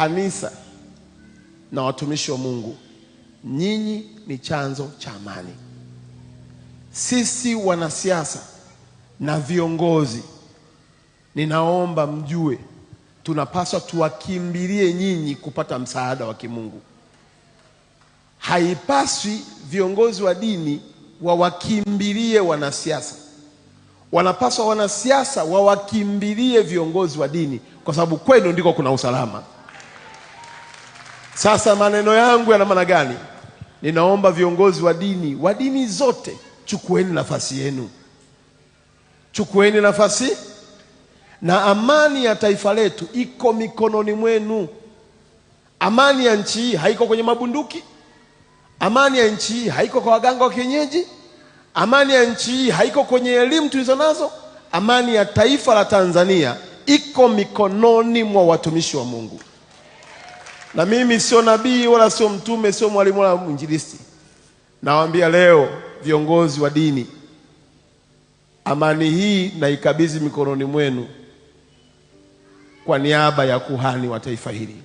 kanisa na watumishi wa Mungu, nyinyi ni chanzo cha amani. Sisi wanasiasa na viongozi, ninaomba mjue tunapaswa tuwakimbilie nyinyi kupata msaada wa kimungu. Haipaswi viongozi wa dini wawakimbilie wanasiasa, wanapaswa wanasiasa wawakimbilie viongozi wa dini, kwa sababu kwenu ndiko kuna usalama. Sasa maneno yangu yana maana gani? Ninaomba viongozi wa dini wa dini zote, chukueni nafasi yenu, chukueni nafasi, na amani ya taifa letu iko mikononi mwenu. Amani ya nchi hii haiko kwenye mabunduki. Amani ya nchi hii haiko kwa waganga wa kienyeji. Amani ya nchi hii haiko kwenye elimu tulizo nazo. Amani ya taifa la Tanzania iko mikononi mwa watumishi wa Mungu na mimi sio nabii wala sio mtume, sio mwalimu wala mwinjilisti. Nawaambia leo viongozi wa dini, amani hii naikabidhi mikononi mwenu kwa niaba ya kuhani wa taifa hili.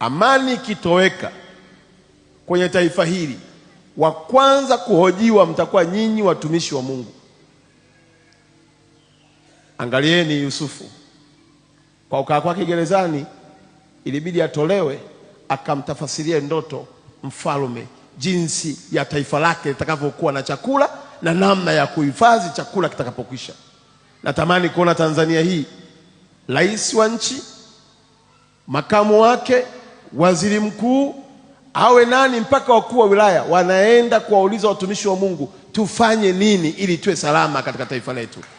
Amani ikitoweka kwenye taifa hili, wa kwanza kuhojiwa mtakuwa nyinyi watumishi wa Mungu. Angalieni Yusufu kwa ukaa kwake gerezani ilibidi atolewe akamtafasirie ndoto mfalme jinsi ya taifa lake litakavyokuwa na chakula na namna ya kuhifadhi chakula kitakapokwisha. Natamani kuona Tanzania hii, rais wa nchi, makamu wake, waziri mkuu awe nani, mpaka wakuu wa wilaya wanaenda kuwauliza watumishi wa Mungu, tufanye nini ili tuwe salama katika taifa letu.